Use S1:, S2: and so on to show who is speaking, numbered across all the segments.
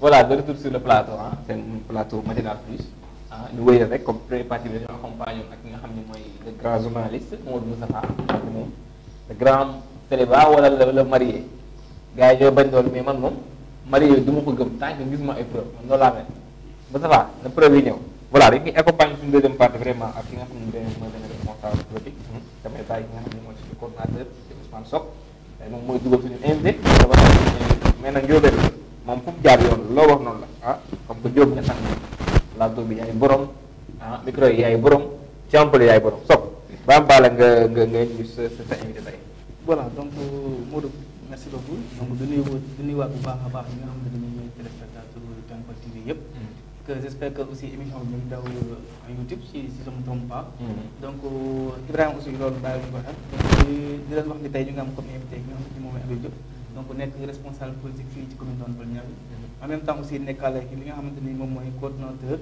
S1: voilà de retour sur le plateau ah seen plateau matinal plus ah ñu wéyal rek comme première partie bi dañoo ak ñi nga xam ne mooy le grand journaliste Modou Moustapha moom le grand célébat wala le marié gars yi ñoo bañ doon mais man moom marié du ma ko gëm tant que gis ma ay preuve man loolu laa mel Moustapha na preuve yi ñëw voilà dañuy accompagné suñu deuxième partie vraiment ak ki nga xam ne mooy benn responsable politique hmm. damay bàyyi ki nga xam ne mooy suñu coordinateur Ousmane Sock moom mooy dugal suñu invité mais nag moom fu mu jaar yoon loo wax noonu la ah comme que Diop nga sax plateau bi yaay borom ah micro yi yaay borom temple yaay borom sopp baam baale nga nga nga ñu sa sa invité tey. voilà donc Modou merci beaucoup donc nuyu bu baax baax Temple TV yëpp. que j' que aussi émission ñu daw en YouTube si si sama tombe pas. donc Ibrahima aussi loolu bàyyi ko xel. donc di wax ni tey ñu ngi am comme invité donc nekk responsable politique fii ci commune de Nondiol-Niaga en même temps aussi nekkaale ki li nga xamante coalizão moom mooy coordonnateur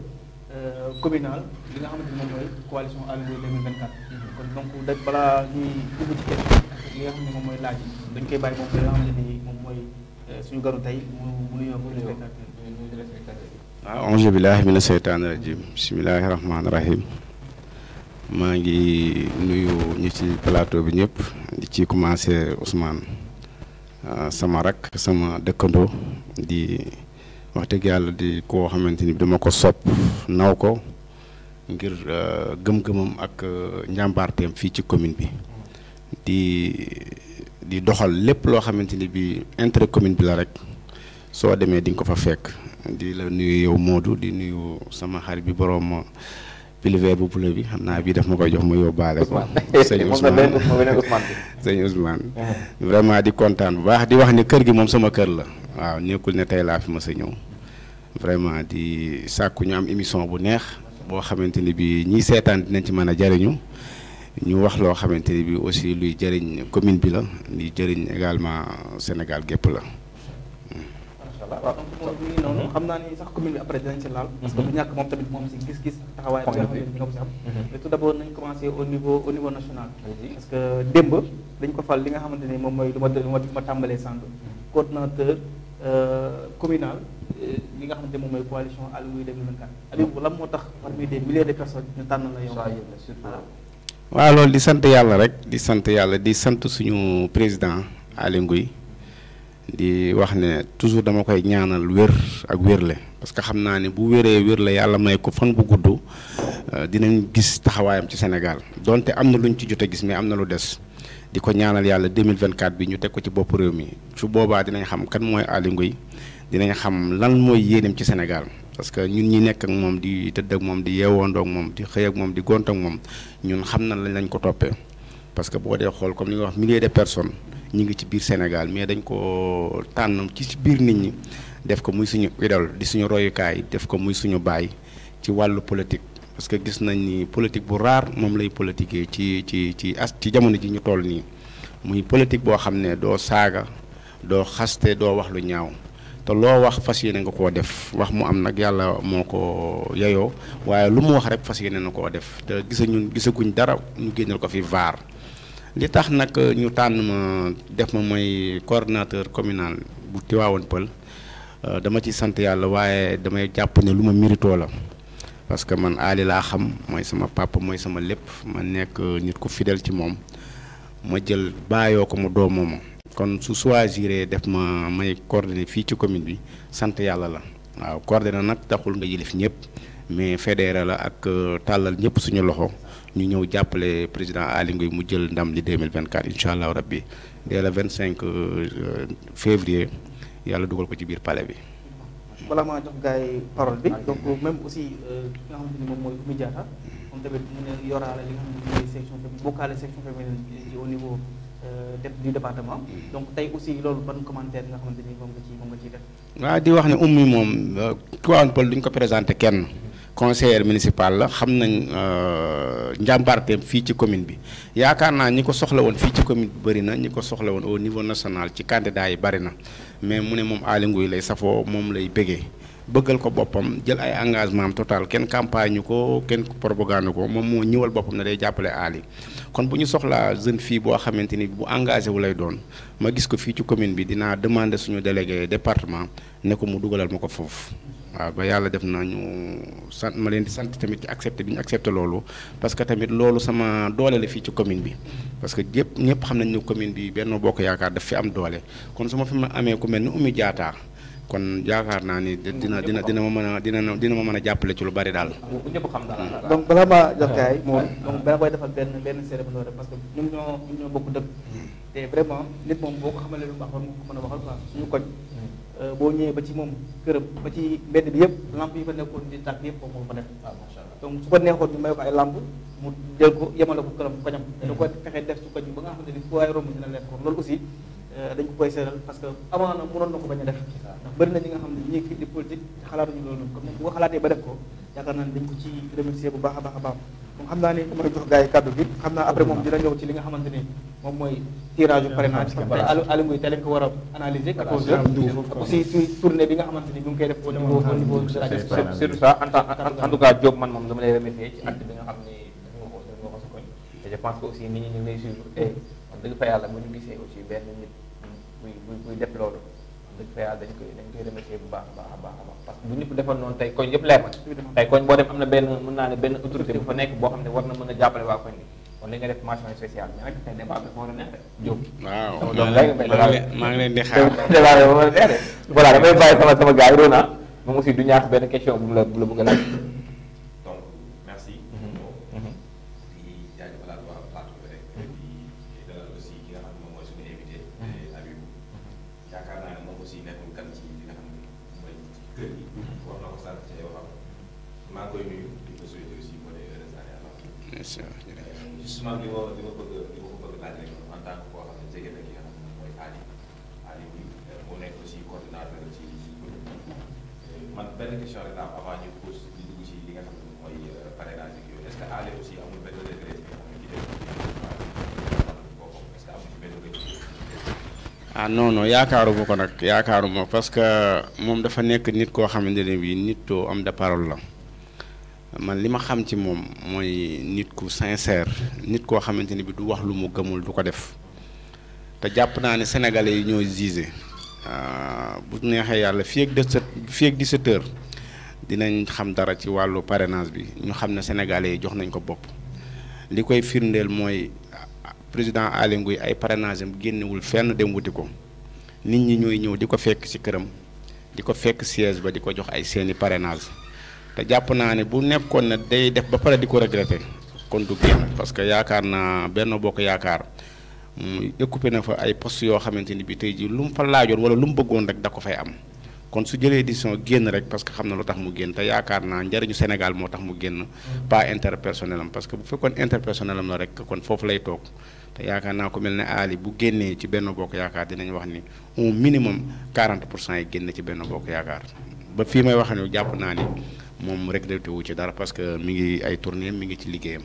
S1: euh, communal li nga xamante que o mooy coalition Allo 2024. kon donc daj balaa ñuy dugg ci question li nga xam ne moom mooy laaj yi dañ koy bàyyi moom li nga xamante ni moom mooy euh, suñu garu tey mu mu nuyoo ko
S2: téléspectateur waaw auzu ah, billaahi mina é o bismillaahi rahmaani o maa ngi nuyu ñu ci plateau bi ñëpp ci commencé Ousmane Euh, sama rak sama dëkkandoo di wax dëgg yàlla di koo xamante ni dama ko sopp naw ko ngir euh, gëm-gëmam ak euh, njàmbaarteem fii ci commune bi di di doxal lépp loo xamante ni bi intérêt commune bi la rek soo demee di ko fa fekk di la nuyu yow Modou di nuyu sama xarit bi boroom piliver bu bula bi xam naa bii daf ma koy jox ma yóbbaale ko sëñ Ousmane sëñ Ousmane uh-huh. vraiment di kontaan bu baax di wax ni kër gi moom sama kër la waaw nekkul ne tey laa fi ma sa ñëw vraiment di sàkku ñu am émission bu neex boo xamante ni bi ñiy seetaan dinañ ci mën a jariñu ñu wax loo xamante ni bi aussi luy jëriñ commune bi la luy jëriñ également Sénégal gépp la
S1: allah waaw donc noonu mhm. xam naa ni sax commune bi après dinañ ci laal mhm. parce que bu ñàkk moom tamit moom si gis-gis taxawaay bi nga xam ne bi nga ko si am mhm. nañ commencé au niveau national parce démb dañ ko fal li nga xamante ni moom mooy lu ma lu ma ma tàmbalee sànq coordinateur euh, communal li nga xamante moom mooy coalition Alioune 2024 Habib lan moo tax parmi des milliers de personnes ñu tànn la yow
S2: waaw loolu di sant yàlla rek di sant yàlla di sant suñu président Aly Ngouille di wax ne toujours dama koy ñaanal wér ak wérle parce que xam naa ne bu wéree wérle yàlla may ko fan bu gudd euh, dinañ gis taxawaayam ci Sénégal donte am na lu luñ ci jot a gis mais am na lu des di ko ñaanal yàlla 2024 bi ñu teg ko ci bopp réew mi su boobaa dinañ xam kan mooy Aly Ngouille dinañ xam lan mooy yéeneem ci Sénégal parce que ñun ñi nekk ak moom di tëdd ak moom di yeewoondoo ak moom di xëy ak moom di gont ak moom ñun xam na lañ lañ ko toppee parce que boo dee xool comme li nga wax milliers de ñu ngi ci biir Sénégal mais dañ ko tànn ci biir nit ñi def ko muy suñu idole di suñu royukaay def ko muy suñu baay ci wàllu politique parce que gis nañ ni politique bu raar moom lay politiquer ci ci ci as ci jamono ji ñu toll nii muy politique boo xam ne doo saaga doo xaste doo wax lu ñaaw te loo wax fas yéene nga koo def wax mu am nag yàlla moo ko yeyoo waaye lu mu wax rek fas yéene na koo def te gisañu gisaguñ dara ñu génnal ko fi vaar li tax nag euh, ñu tànn ma def ma mooy coordinateur communal bu Tivaouane Peulh euh, dama ci sant yàlla waaye damay jàpp ne lu ma méritoo la parce que man aali laa xam mooy sama papa mooy sama lépp ma nekk euh, nit ku fidèle ci moom ma jël bàyyoo ko mu doomooma kon su choisiré def ma may coordonné fii ci commune bi sant yàlla la waaw coordonné nag taxul nga yilif ñëpp mais fédéral la ak euh, tàllal ñëpp suñu loxo ñu ñëw jàppale président Aly Ngouille mu jël ndam li 2024 incha allah rabbi dès le 25 euh, euh, février yàlla dugal ko ci biir palais bi.
S1: balaa maa jox gars parole bi donc même aussi mu ne yoraale li nga xamante ni section féminine bokkaale section tey aussi loolu ban commentaire nga xamante ni moom nga ci moom nga ciy def.
S2: waaw di wax ne Oumy moom Tivaouane Peulh duñ ko présenté kenn. conseillère municipal la xam nañ euh, njàmbaarteem fii ci commune bi yaakaar naa ñi ko soxla woon fii ci commune bi bëri na ñi ko soxla woon au niveau national ci candidat yi bëri na mais mu ne moom Aly Ngouille lay safoo moom lay bëggee bëggal ko boppam jël ay engagement am total kenn campagne ñu ko kenn propagande ko moom moo ñëwal boppam na day jàppale Aly kon bu ñu soxlaa jeune fii boo xamante ni bu engagé wu lay doon ma gis ko fii ci commune bi dinaa demander suñu délégué département ne ko mu dugalal ma ko foofu waaw ba yàlla def na ñu sant ma leen di sant tamit ci accepté bi ñu accepté loolu parce que tamit loolu sama doole la fii ci commune bi parce que yëpp ñëpp xam nañ commune bi Benno Bokk Yaakaar daf fi am doole kon su ma fi ma amee ku mel ni Oumy Diatta kon yaakaar naa ni dina dina dina ma mën a dina dina ma mën a jàppale ci lu bari daal. bu ñëpp
S1: xam daal donc balaa maa jox gaay moom donc balaa booy defal benn benn cérémonie parce que ñun ñoo ñun ñoo bokk dëkk hmm. te vraiment nit moom boo ko xamalee lu baax war nga ko mën a waxal quoi suñu koñ hmm. Euh, boo ñëwee ba ci moom këram ba ci mbedd bi yëpp lamp yi fa nekkoon di tàkk yëpp moom ah, ko neexoon ñu may ko ay lamp mu jël ko ko këram koñam hmm. da ko ba nga ni fu waay romb dina leer ko loolu aussi euh, dañ ko na mënoon na ko bañ a ah. ñi nga xam ne ñii fii di politique te xalaatuñu moom bu ko xalaatee ba def ko yaakaar naa ne dañ ko ci remercier bu baax a baax a baax moom xam naa ne damay jox gars yi kàddu bi xam naa après hmm. moom dina ñëw ci li nga xamante ni moom mooy tirage parrainage parce que Aly Ngouille Ndiaye lañ ko war a analyser quatorze heures aussi suñu tournée bi nga xamante ni ñu ngi koy def au niveau au niveau de la surtout ça en tout cas Diop man moom dama lay remercier ci acte bi nga xam ni danga ko danga ko sa koñ te je pense que aussi nit ñi ñu ngi lay suivre te wax dëgg fa yàlla bu ñu gisee aussi benn nit buy buy def loolu wax dëgg fa yàlla dañ koy dañ koy remercier bu baax a baax a baax a baax parce que bu ñëpp defoon noonu tey koñ yëpp leer na tey koñ boo dem am na benn mën naa ne benn autorité bu fa nekk boo xam ne war na mën a jàppale waa koñ bi wala nga def mention spéciale mais nag débat bi war a neex jóg. waaw maa ngi leen di xaar débat bi war a neex de voilà damay bàyyi sama sama gars yi doon naa moom aussi du ñaax benn question bu mu la bu la bëgg a laaj.
S3: donc merci. Mm-hmm. Mm-hmm.
S1: di jaajëfalaat waa plateau bi rek. Mm-hmm. di dalal aussi ki nga xam ne moom mooy suñu invité. Habib yaakaar naa ne moom aussi nekkul kan ci li nga xam ne mooy kër gi. wax na ko sànq ci ay waxam maa ngi koy nuyu di ko souhaiter aussi Euh, incha euh,
S2: allah euh, yaakaaruma ko nag yaakaaruma parce que moom dafa nekk nit koo xamante ne bii nit too am de parole la. man li ma xam ci moom mooy nit ku sincère nit koo xamante ni bi du wax lu mu gëmul du ko def te jàpp naa ne sénégalais yi ñoo gisé ah, bu neexee yàlla fi ak dix sa fii ak dinañ xam dara ci wàllu parrainage bi ñu xam ne sénégalais yi jox nañ ko bopp li koy firndeel mooy président Aly Ngouille ay parrainage am génnewul fenn dem wuti ko nit ñi ñooy ñëw di ko fekk ci këram di ko fekk siège ba di ko jox ay seeni parrainage te jàpp naa ne bu nekkoon ne day def ba pare di ko regretter kon du génn parce que yaakaar naa benn bokk yaakaar occupé mm, na fa ay poste yoo xamante ni bi tey ji lu mu fa laajoon wala lu mu bëggoon rek da ko fay am kon su jëlee décision génn rek parce que xam na lu tax mu génn te yaakaar naa njariñu Sénégal moo tax mu génn pas interpersonnel am parce que bu fekkoon interpersonnel am la rek kon foofu lay toog te yaakaar naa ko mel ne Ali bu génnee ci benn bokk yaakaar dinañ wax ni au minimum 40 pour cent yi génn ci benn bokk yaakaar ba fii may wax ne jàpp naa ni moom regretté wu ci dara parce que mi ngi ay tournée mi ngi ci liggéeyam.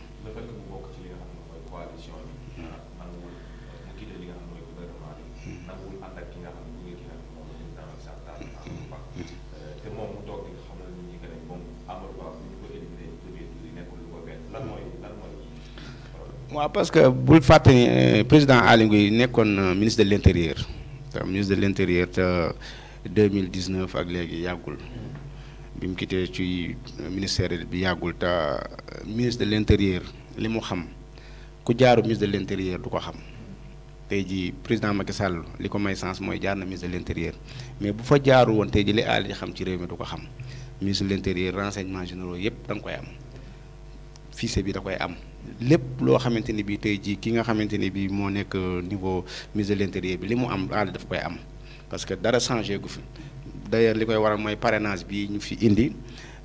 S2: waaw parce que bul fàtte ni euh, président Aly Ngouille nekkoon ministre de l' intérieur te ministre de l' intérieur te 2019 ak léegi yàggul. Hmm. bi mu quitté ci ministère bi yàggul ta euh, ministre de l'intérieur li mu xam ku jaaru ministre de l'intérieur du ko xam tey ji président Macky Sall li ko may sens mooy jaar na ministre de l'intérieur mais bu fa jaaru woon tey ji li aali xam ci réew mi du ko xam ministre de l'intérieur renseignements généraux yépp da koy am fichier bi da koy am lépp loo xamante ni bii tey jii ki nga xamante ni bii moo nekk niveau ministre de l'intérieur bi li mu am aali daf koy am parce que dara changé gu fi d'ailleurs li koy waral mooy parrainage bi ñu fi indi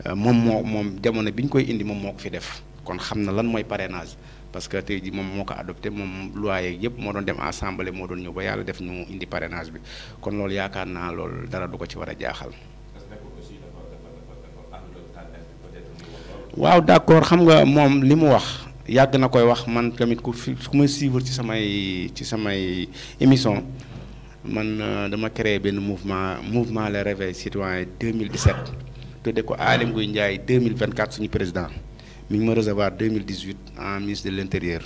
S2: euh, moom moo moom jamono bi ñu koy indi moom moo ko fi def kon xam na lan mooy parrainage parce que tey jii moom moo ko adopté moom loi yëpp moo doon dem assemblée moo doon ñëw ba yàlla def ñu indi parrainage bi kon loolu yaakaar naa loolu dara du ko ci war a jaaxal. waaw d'accord xam nga moom li mu wax yàgg na koy wax man tamit ku fi ku may suivre ci samay ci samay émission man euh, dama créé ben mouvement mouvement le réveil citoyen 2017 tudé ko Alim Ngouille Ndiaye 2024 suñu président mi ngi recevoir 2018 en ministre de l'Intérieur.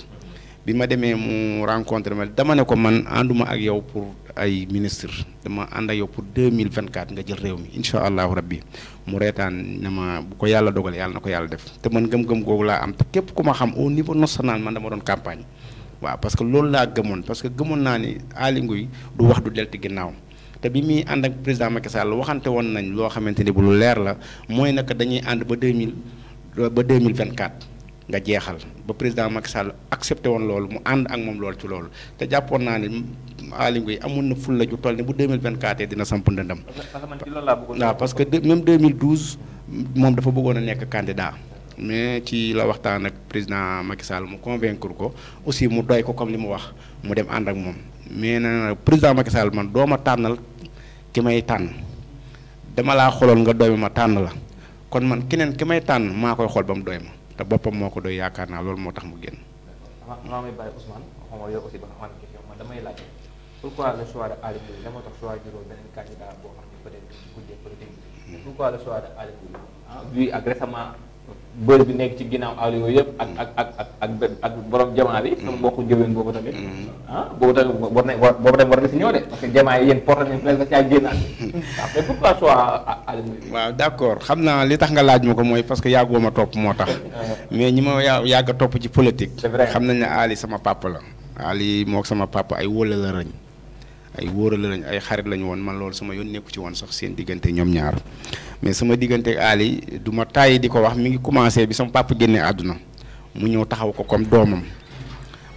S2: intérieur bi ma mu rencontre ma dama né ko man anduma ak yow pour ay ministre dama ànd ak yow pour 2024 nga jël réew mi incha rabbi mu reetaan ne ma bu ko yalla dogal yalla nako ko def te man gëm-gëm googu am te képp kuma xam au niveau national man dama doon campagne waaw parce que loolu laa gëmoon parce que gëmoon naa ni Aly Ngouille du wax du delti ginnaaw te bi muy ànd ak président Macky Sall waxante woon nañ loo xamante ni bu lu leer la mooy naka dañuy ànd ba 2000 ba 2024 nga jeexal ba président Macky Sall accepté woon loolu mu ànd ak moom loolu ci loolu te jàppoon naa ni Aly Ngouille amoon na fulla ju toll ni bu 2024 dina samp ndëndam waaw parce que même 2012 moom dafa bëggoon a nekk candidat mais ci la waxtaan ak président Macky Sall mu convaincre ko aussi mu doy ko comme li mu wax mu dem ànd ak moom mais na président Macky Sall man doo ma tànnal ki may tànn dama laa xooloon nga doy ma tànn la kon man keneen ki may tànn maa koy xool ba mu doy ma te boppam moo ko doy yaakaar naa loolu moo tax mu génn.
S1: bër bi nekk ci ginnaaw àll yooyu yëpp ak ak ak ak ak ak borom jamaa bi sama mm-hmm. mbokku jëwén boobu tamit mm-hmm. ah boobu tamit war na war boobu tamit war na si ñëw de parce que jamaa yi yéen porte nañ presque ci ay génnaat mm-hmm. ah, waaw mais pourquoi soit àll ah, waaw d' accord
S2: xam naa li tax nga laaj ma ko mooy parce que yàggoo ma topp moo tax uh-huh. mais ñi ma yàgg a topp ci politique xam nañ ne Ali sama papa la Ali mook sama papa ay wóola la rëñ ay wóora la rëñ ay xarit lañu woon man loolu sama yoon nekku ci woon sax seen diggante ñoom ñaar mais sama diggante ak Ali du ma tàyyi di ko wax mi ngi commencé bi sama papa génne àdduna mu ñëw taxaw ko comme doomam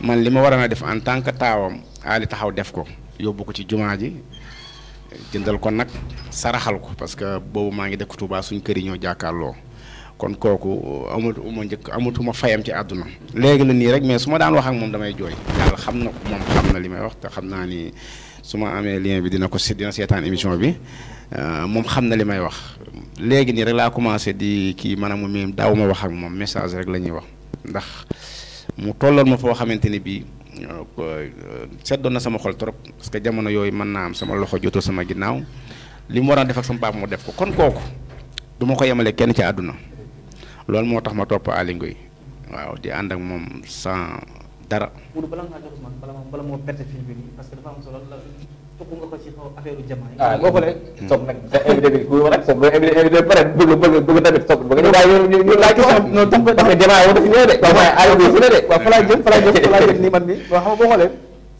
S2: man li ma waroon a def en tant que taawam Ali taxaw def ko yóbbu ko ci jumaa ji jëndal ko nag saraxal ko parce que boobu maa ngi dëkk Touba suñ kër yi ñoo jàkkaarloo kon kooku amatuma njëkk amatuma fayam ci àdduna léegi la nii rek mais su ma daan wax ak moom damay jooy na moom xam na li may wax xam naa ni su ma amee lien bi dina ko dina seetaan émission bi euh, moom xam na li may wax léegi nii rek laa commencé di kii maanaam mu même daaw ma wax ak moom message rek la ñuy wax ndax mu tolloon ma foo xamante ni bii euh, seddoon na sama xol trop parce que jamono yooyu mën naa am sama loxo joto sama ginnaaw li mu war a def ak sama papa mu def ko kon kooku du ma ko yemale kenn ci àdduna loolu moo tax ma topp Aly Ngoye waaw di ànd ak moom sans. dara.
S1: Mourou bala ngaa jox bala moo bala moo perte fil bi nii parce que dafa am solo la topp nga ko ci affaire jamaa ah, yi. boo ko nee. soog nag sa invité jamaa yow boo xoolee.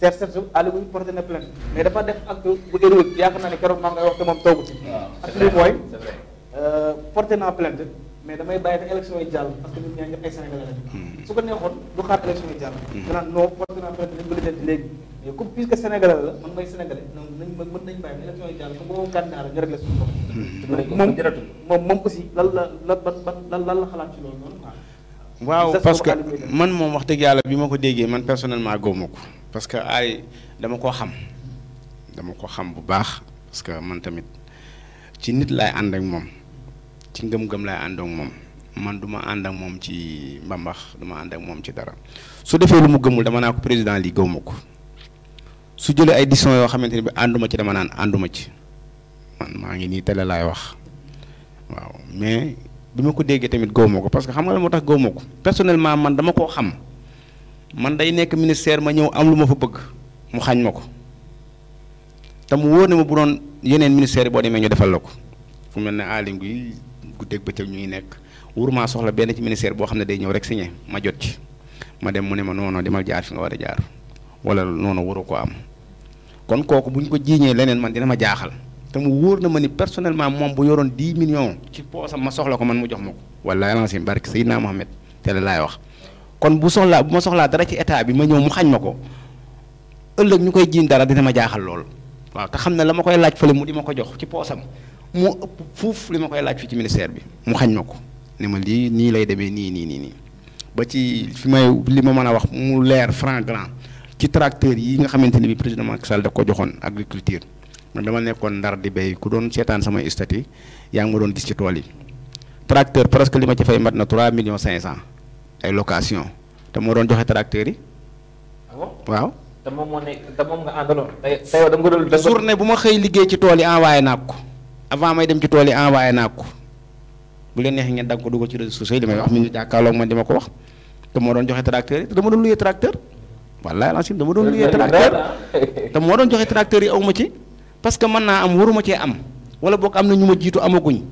S1: seet seet su Aliou bu ñu na plainte mais dafa def acte bu héroïque yaakaar naa ne keroog maa ngay wax te moom toogu ci. waaw c' est mooy euh, porté naa plainte mais damay ba élection yi jàll hmm. ko neexoon du hmm. la man may hmm.
S2: moom man moom wax dëgg yàlla bi ma ko déggee man personnellement góomu ko parce que ay dama koo xam dama ko xam bu baax parce que man tamit ci nit laay ànd ak moom ci ngëm-ngëm laay ànd moom man du ma ànd ak moom ci mbambax du ma ànd ak moom ci dara su defee lu mu gëmul dama naa ko président lii gëwuma ko su jëlee ay décision yoo xamante ne bi ànduma ci dama naan ànduma ci man maa ngi nii tele laay wax waaw mais bi ma ko déggee tamit gëwuma ko parce que xam nga la moo tax gëwuma ko personnellement man dama koo xam man day nekk ministère ma ñëw am lu ma fa bëgg mu xaañ ma ko te mu wóor ne ma bu doon yeneen ministère yi demee ñu defal ko guddeeg bëccëg ñuy nekk wóorumaa soxla benn ci ministère boo xam ne day ñëw rek signé ma jot ci ma dem mu ne ma noono demal jaar fi nga a jaar wala noonu waru ko am kon kooku bu ko jiiñee leneen man dina ma jaaxal te mu wóor na ma ni personnellement moom bu yoroon 10 millions ci poosam ma soxla ko man mu jox ma ko wala lancim barke Seydina Mohamed te la laay wax kon bu soxlaa bu ma soxlaa dara ci état bi ma ñëw mu xañ ma ko ëllëg ñu koy jiiñ dara dina ma jaaxal lool waaw te xam ne la ma koy laaj fële mu di ma ko jox ci poosam mu ëpp fuuf li ma koy laaj fii ci ministère bi mu xañ ma ko ne ma lii nii lay demee nii nii nii nii ba ci fi may li ma mën a wax mu leer franc grand ci tracteur yi nga xamante ni bi président Macky Sall da ko joxoon agriculture man dama nekkoon ndar di béy ku doon seetaan sama statut yaa ngi ma doon gis ci tool yi tracteur presque li ma ci fay mat na 3 millions 500 ay location te moo doon joxe tracteur yi. Ah waaw.
S1: te moom moo nekk te moom nga àndaloon. tey tey yow da nga doon journée
S2: bu ma xëy liggéey ci tool yi envoyé naa ko. avant may dem ci tool yi envoyé ak ko bu leen neexee ngeen dagg ko ci réseaux sociaux yi may wax mi ngi jàkkaarloog man di ko wax moo doon joxe tracteur yi te dama doon luyee tracteur wallaay lancim doon luyee tracteur te moo doon joxe tracteur yi aw ma ci parce que mën naa am waruma cee am wala am na ñu ma jiitu amaguñ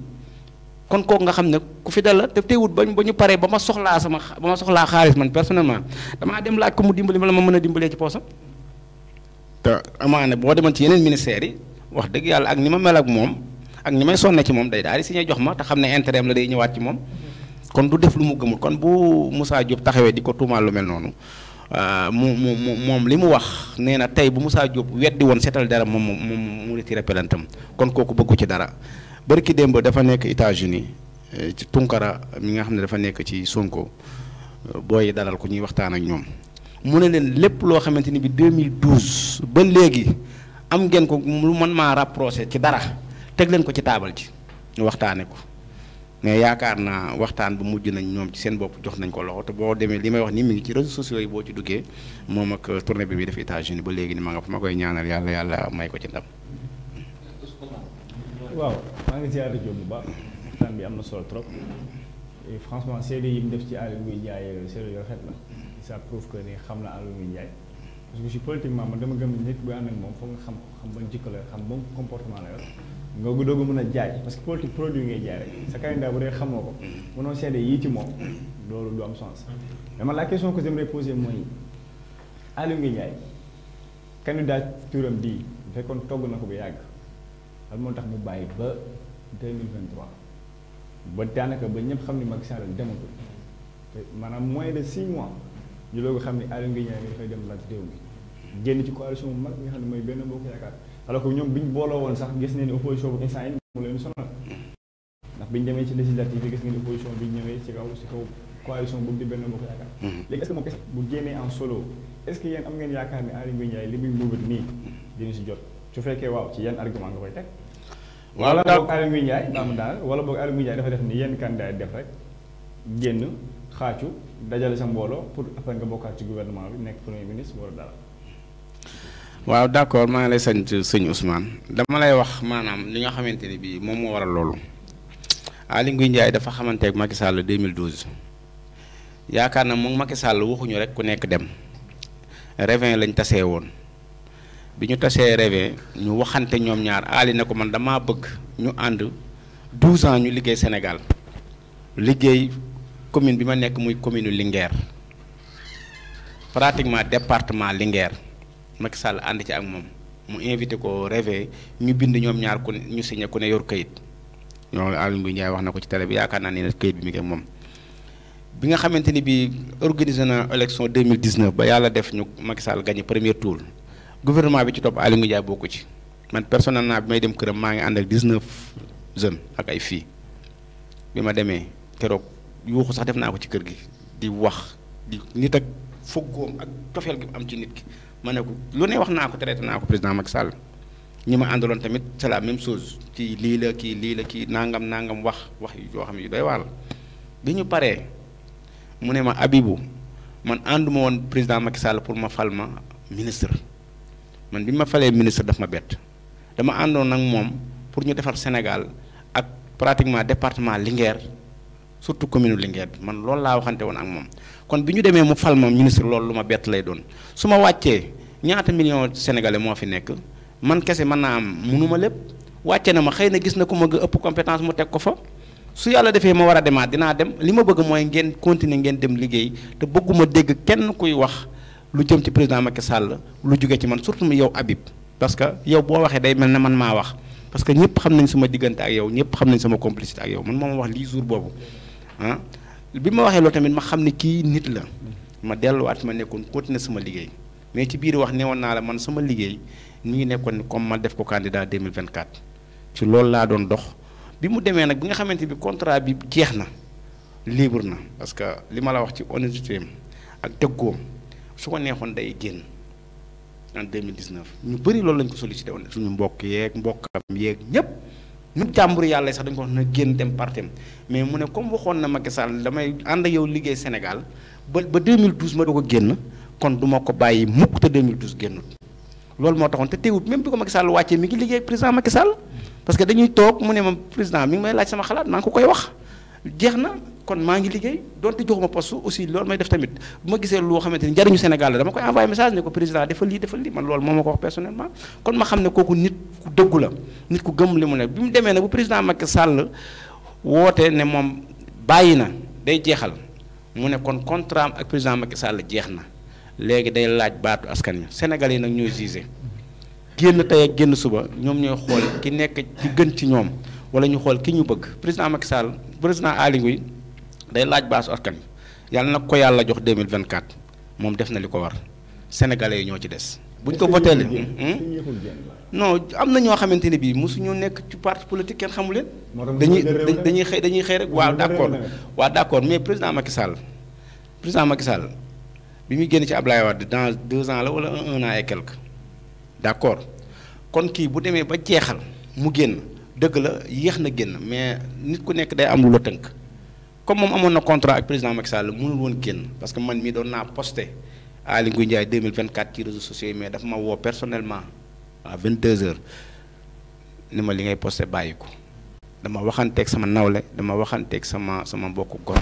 S2: kon kooku nga xam ne ku fi dal te teewut ba ba ñu paree ba ma soxlaa sama ba soxlaa xaalis man personnellement damaa dem laaj ko mu dimbali ma la ma mën a dimbalee ci poosam te amaana boo demoon ci yeneen ministères yi wax dëgg yàlla ak ni ma mel ak moom ak ni may sonne ci moom day daal di signé jox ma te xam ne intérêt am la day ñëwaat ci moom kon du def lu mu gëmul kon bu musaa jóob taxawee di ko tuumaal lu mel noonu euh, mu mu mu moom li mu wax nee na tey bu Moussa Diop weddi woon seetal dara moom mu mu mu retiré pelantam kon kooku bëggu ci dara bari ki démb dafa nekk États-Unis euh, ci Tunkara mi nga xam ne dafa nekk ci Sonko euh, booy dalal ko ñuy waxtaan ak ñoom mu ne leen lépp loo xamante ni bi 2012 ba léegi am ngeen ko lu mën maa rapproché ci dara. teg leen ko ci taabal ji ñu waxtaane ko mais yaakaar naa waxtaan bu mujj nañ ñoom ci seen bopp jox nañ ko loxo te boo demee li may wax ni mi ngi ci réseaux sociaux yi boo ci duggee moom ak euh, tournée bi muy def États-Unis ba léegi ni ma nga fa ma koy ñaanal yàlla yàlla may ko ci ndam.
S3: waaw maa ngi ziare Diop bu baax waxtaan bi am na solo trop et franchement seede yi mu def ci Aly Ngouille Ndiaye euh, seede yu rafet la ça prouve que ni xam na Aly Ngouille Ndiaye parce que si politiquement man dama gëm nit moom foog xam xam ban jikko la xam comportement la nga doog a mën a jaay parce que politique produit ngay jaay rek sa candidat bu dee xamoo ko mënoo seede yii ci moom loolu du am sens mais man la question ko j'aimerais poser mooy Aliou Ndiaye candidature am bii bu fekkoon togg na ko bu yàgg lan moo tax mu bàyyi ba 2023 ba daanaka ba ñëpp xam ni Macky Sall dematul te maanaam moins de 6 mois ñu doog a xam ni Aliou Ndiaye dafay dem laaj réew mi génn ci coalition bu mag nga xam ne mooy benn mbokk yaakaar. alors que ñom biñ bolo won sax gis nañ opposition bu instant yi mu leen sonal ndax biñ démé ci législative gis ngeen opposition biñ ñëwé ci kaw ci kaw coalition bu di benn ko yakkar légui est ce que moom kese bu gémé en solo est ce que yéen am ngeen yakkar ni ari Ngouille ñay li muy ni nii dina ci jot su fekkee waaw ci yeen argument nga koy tek wala da ari Ngouille ñay daam dal wala bok ari Ngouille ñay dafa def ni yeen candidat def rek génn xaacu dajale sa mbolo pour après nga bokkaat ci gouvernement bi nek premier ministre wala dara
S2: waaw d' accord maa ngi lay sant sëñ Ousmane dama lay wax maanaam li nga xamante ni bii moom moo waral loolu ah, Aly Ngouille Ndiaye dafa xamante ak Macky Sall 2012 yaakaar na moom Macky Sall waxuñu rek ku nekk dem Réveil lañ tasee woon bi ñu tasee Réveil ñu waxante ñoom ñaar Aly ne ko man damaa bëgg ñu ànd 12 ans ñu liggéey Sénégal liggéey commune bi ma nekk muy commune Linguère pratiquement département Linguère. Macky Sall ànd ci ak moom mu invité ko réveil ñu bind ñoom ñaar ku ñu signé ku ne yor kayit loolu Aly Ngouille Ndiaye wax na ko ci télé bi yaakaar naa ne kayit bi mi ngi ak moom. bi nga xamante ni bii organiser na élection 2019 ba yàlla def ñu Macky Sall gagné premier tour gouvernement bi ci topp Aly Ngouille boo ko ci man personnellement bi may dem këram maa ngi ànd ak 19 jeunes ak ay fii bi ma demee keroog yuuxu sax def naa ko ci kër gi di wax di nit ak fëggoom ak tofeel gi am ci nit ki. ma ko lu né wax na ko traité na ko président Macky Sall ñima andalon tamit c'est la même chose ki li la ki li la ki nangam nangam wax wax yo xam yu doy wal biñu paré paree mu ma abibu man ànduma won président Macky Sall pour ma fal ma ministre man bi ma falé ministre daf ma bét dama àndoon nak mom pour ñu défar Sénégal ak pratiquement département Linguère surtout commune Linguère man lool la waxanté won ak mom kon bi ñu demee mu fal ma ministre loolu lu ma bett lay doon su ma wàccee ñaata million sénégalais moo fi nekk man kese man naa am munuma lépp wàcce na ma xëy na gis na ku ma ëpp compétence mu teg ko fa su yàlla defee ma war a demaat dinaa dem li ma bëgg mooy ngeen continuer ngeen dem liggéey te bëgguma dégg kenn kuy wax lu jëm ci président Macky Sall lu juge ci man surtout yow Habib parce que yow boo waxee day mel na man maa wax parce que ñëpp xam nañ sama diggante ak yow ñëpp xam nañ sama complicité ak yow man moom wax lii jour boobu ah. bi ma waxee loolu tamit ma xam ne kii nit la ma delluwaat ma nekkoon continuer sama liggéey mais ci biir wax newoon naa la man sama liggéey mi ngi nekkoon comme ma def ko candidat 2024 ci loolu laa doon dox bi mu demee nag bi nga xamante bi contrat bi jeex na libre na parce que li ma la wax ci honnêteté am ak dëggoom su ko neexoon day génn en 2019 ñu bëri loolu lañ ko sollicité woon suñu mbokk yeeg mbokkam yeeg ñëpp nit jàmbur yàlla sax dañ ko wax na génn dem partem mais mu ne comme waxoon na Macky Sall damay ànd yow liggéey Sénégal ba ba ma doog a génn kon du ma ko bàyyi mukk te 2012 génnut loolu moo taxoon te teewut même bi ko Macky Sall wàccee mi ngi liggéey ak président Macky Sall parce que dañuy toog mu ne ma président mi ngi may laaj sama xalaat maa ngi ko koy wax jeex na kon maa ngi liggéey donte joxuma poste aussi loolu may def tamit bu ma gisee loo xamante ni njëriñu Sénégal la dama koy envoyé message ne ko président defal lii defal lii man loolu moo ma ko personnellement kon ma xam ne kooku nit ku dëggu la nit ku gëm li mu ne bi mu demee nag bu président Macky Sall woote ne moom bàyyi na day jeexal mu ne contrat am ak président Sall jeex na léegi day laaj baatu askan wi Sénégal yi nag ñooy gisé génn tey ak génn suba ñoom ñooy xool ki nekk ci gën ci ñoom wala ñu xool ki ñu bëgg président Macky Sall président Aly Ngouille day laaj base organique yàlla na ko yàlla jox 2024 moom def na li ko war sénégalais yi ñoo ci des. bu ñu ko voteele hmm? non am na ñoo xamante ne bii mosuñu nekk ci parti politique kenn xamu leen. dañuy dañuy xëy dañuy xëy rek waaw d' accord waaw d' mais président Macky Sall président Macky Sall bi muy génn ci ab Ablaye Wade dans deux ans la wala un an et quelque d' accord kon kii bu demee ba jeexal mu génn. dëgg la yéex na génn mais nit ku nekk day am lu la tënk comme moom amoon na contrat ak président Macky Sall mënul woon génn parce que man mii doon naa posté Aly Ngouille Ndiaye 2024 ci réseaux sociaux yi mais dafa ma woo personnellement vingt 22h ni ma li ngay posté bàyyi ko dama waxanteeg sama nawle dama waxanteeg sama sama mbokk góor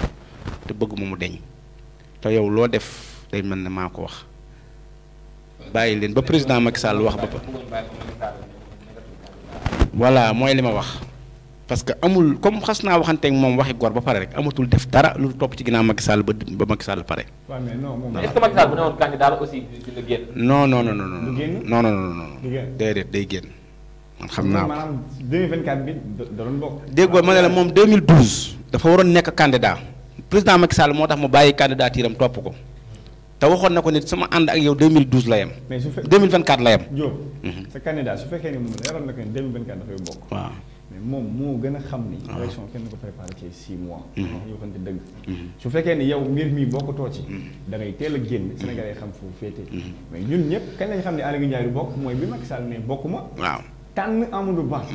S2: te bëgguma mu deñ te yow loo def day mel ne maa ko wax bàyyi leen ba président Macky Sall wax ba voilà mooy li ma wax parce que amul comme xas naa waxanteeg moom waxi góor ba pare rek amatul def dara lu topp ci ginnaaw Macky Sall ba ba Macky Sall pare.
S3: waaw mais non moom est-ce que xam naa bi da doon
S2: ma ne la moom 2012. dafa waroon nekk candidat président Macky Sall moo tax mu bàyyi candidature am topp ko. te waxoon na ko nit sama ànd ak yow 2012 la yem.
S3: mais su fekkee 2024 la yem. Diop. Mhm. sa candidat su fekkee ne mhm. dëgg. Mhm. su fekkee ni yow mbir mi bokkutoo ci. da ngay teel ñun ñëpp kañ lañ xam ne Aliou Ndiaye bokk mooy bi bokk ma. waaw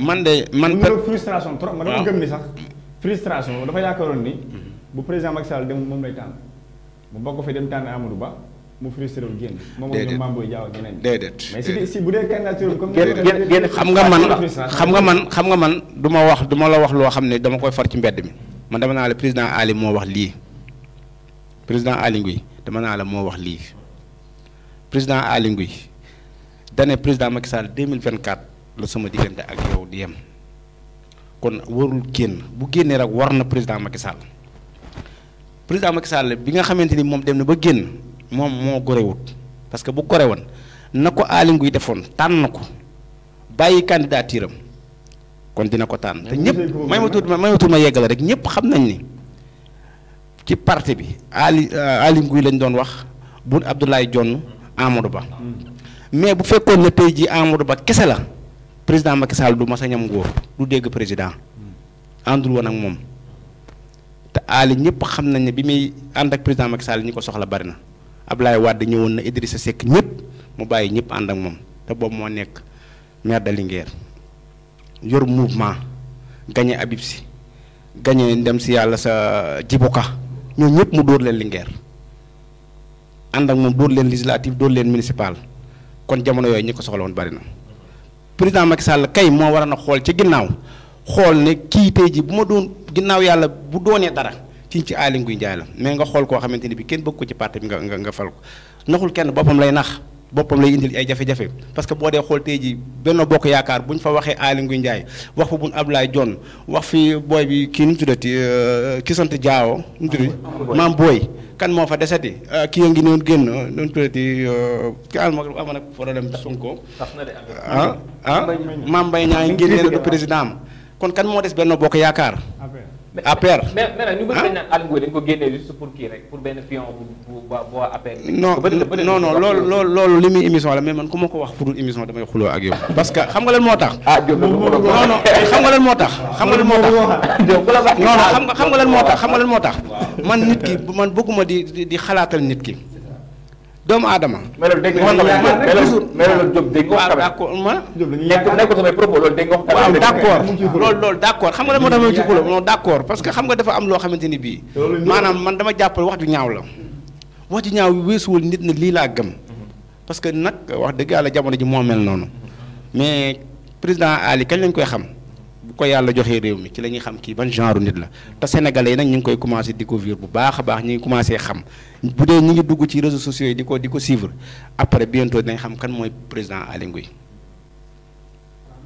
S3: man de man per frustration trop. waaw man dama gëm ni sax ni. bu président Macky Sall dem moom lay tànn. mu bokk fi dem tànn Amadou Ba mu frustré wu génn. déedéet moom Mamboy Diaw xam nga man xam nga man
S2: xam nga man du ma wax du la wax loo xam ne dama koy far ci mbedd mi man dama naa la président Ali moo wax lii président Ali dama naa la moo wax lii président Ali Nguy dane président Macky Sall 2024 la sama diggante ak yow di yem kon warul génn bu génnee rek war na président Macky Sall. président Macky Sall bi nga xamante ni moom dem na ba génn moom moo gorewut parce que bu gore woon na ko Aly Ngouille defoon tànn ko bàyyi candidature am kon dina ko tànn te ñëpp may ma tuut may ma yeggale rek ñëpp xam nañ ni ci parti bi Aly euh, Aly Ngouille lañ doon wax bu Abdoulaye Dione Amadou Ba hmm. mais bu fekkoon ne tey jii Amadou Ba kese la président Macky Sall du ma a ñam nguur du dégg président hmm. àndul woon ak moom te aali ñëpp xam nañ ne bi muy ànd ak président Macky Sall ñi ko soxla bari na Ablaye Wade ñëwoon na Idrissa Seck ñëpp mu bàyyi ñëpp ànd moom te boobu moo nekk maire de Linguère yor mouvement gañe Habib Sy dem si yàlla sa jibuka ñoo ñëpp mu dóor leen Linguère ànd ak moom dóor leen législative dóor leen municipal kon jamono yooyu ñi ko soxla woon bari na président Macky kay moo war a na xool ci ginnaaw xool ne kii ji bu ma doon ginnaaw yàlla bu doonee dara ci ci Aly Ngouille Ndiaye la mais nga xool koo xamante ni bi kenn bëgg ko ci parti bi nga nga nga fal ko naxul kenn boppam lay nax boppam lay indil ay jafe-jafe parce que boo dee xool tey jii benn bokk yaakaar buñ fa waxee Aly Ngouille Ndiaye wax fa buñ Abdoulaye Dione wax fi booy bi kii nu mu tuddati euh, ki nu tuddi maam booy kan moo fa desati euh, kii ngi noonu génn euh, nu mu ki alma ama nag problème ah, ah maam Mbaye Niang génnee kon kan moo des benn bokk yaakaar. APR
S1: mais mais ah? nag ko génnee juste pour kii rek pour benn pion bu bu bu APR. non loolu loolu
S2: loolu li muy émission la mais man ku ma ko wax pour émission damay xuloo ak yow. parce que xam nga lan moo tax. ah Diop non non xam moo tax. xam nga lan moo tax Diop la xam nga xam nga lan moo tax xam nga lan moo tax. man nit ki man bëgguma di di xalaatal nit ki. doomu aadama. mais loolu dégg nga li nga xam ne d' xam nga dama demee ci xulóom loolu d' accord parce que xam nga dafa am loo xamante ni bii. maanaam man dama jàppal wax ju ñaaw la. wax ju ñaaw weesuwul nit na lii laa gëm. parce que nag wax dëgg yàlla jamono ji moo mel noonu. mais président Ali kañ lañ koy xam. bu ko yàlla joxee réew mi ci la ñuy xam kii ban genre nit la te sénégalais nag ñu ngi koy commencé di ko vivre bu baax a baax ñu ngi commencé xam bu dee ñu ngi dugg ci réseaux sociaux yi di ko di ko suivre après bientôt dinañ xam kan mooy président Aly Ngouille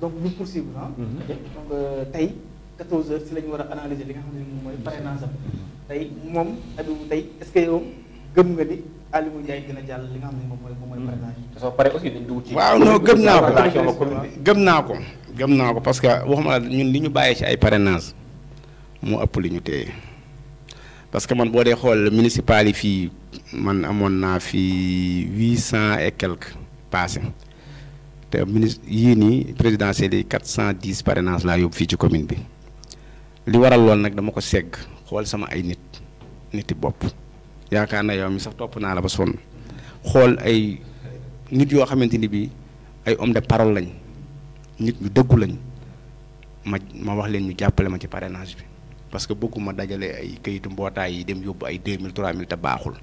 S1: donc ñu poursuivre ah. mhm. euh, tey 14 war a analyser li nga moom mooy parrainage am mhm. tey moom Habibou gëm nga ni Aliou Ndiaye dina jàll li nga xam hmm.
S2: waaw non gëm naa ko gëm naa ko gëm naa ko parce que waxuma la ñun li ñu bàyyee ci ay parrainage moo ëpp li ñu téye parce que man boo dee xool municipal yi fii man amoon naa fii huit cent et quelques passé te ministre yii nii présidentielle yi quatre cent dix parrainage laa yóbbu fii ci commune bi li waral lool nag dama ko segg xool sama ay nit niti bopp. yaakaar na yow mi sax topp naa la ba son xool ay nit yoo xamante ni bii ay homme de parole lañ nit ñu dëggu lañ ma ma wax leen ñu jàppale ma ci parrainage bi parce que bëgguma dajale ay kayitu mbootaay yi dem yóbbu ay 2000 3000 te baaxul.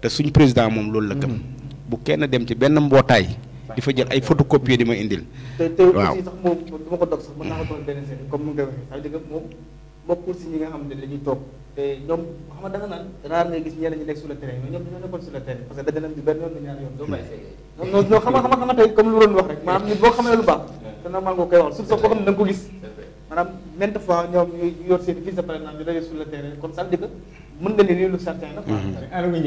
S2: te suñ président moom loolu la gëm. bu kenn dem ci benn mbootaay. di fa jël ay photocopie di ma indil. waaw te te aussi
S1: sax moom du ko dog sax mën naa ko doon benn comme ni nga ko waxee c'est-à-dire que ñi nga xam ne dañuy toog. te ñoom xam nga da nga naan rare ngay gis ñeneen ñi nekk sur le terrain mais ñoom dañoo parce que lu doon wax rek maanaam nit boo nga koy wax par exemple lu certain la mhm.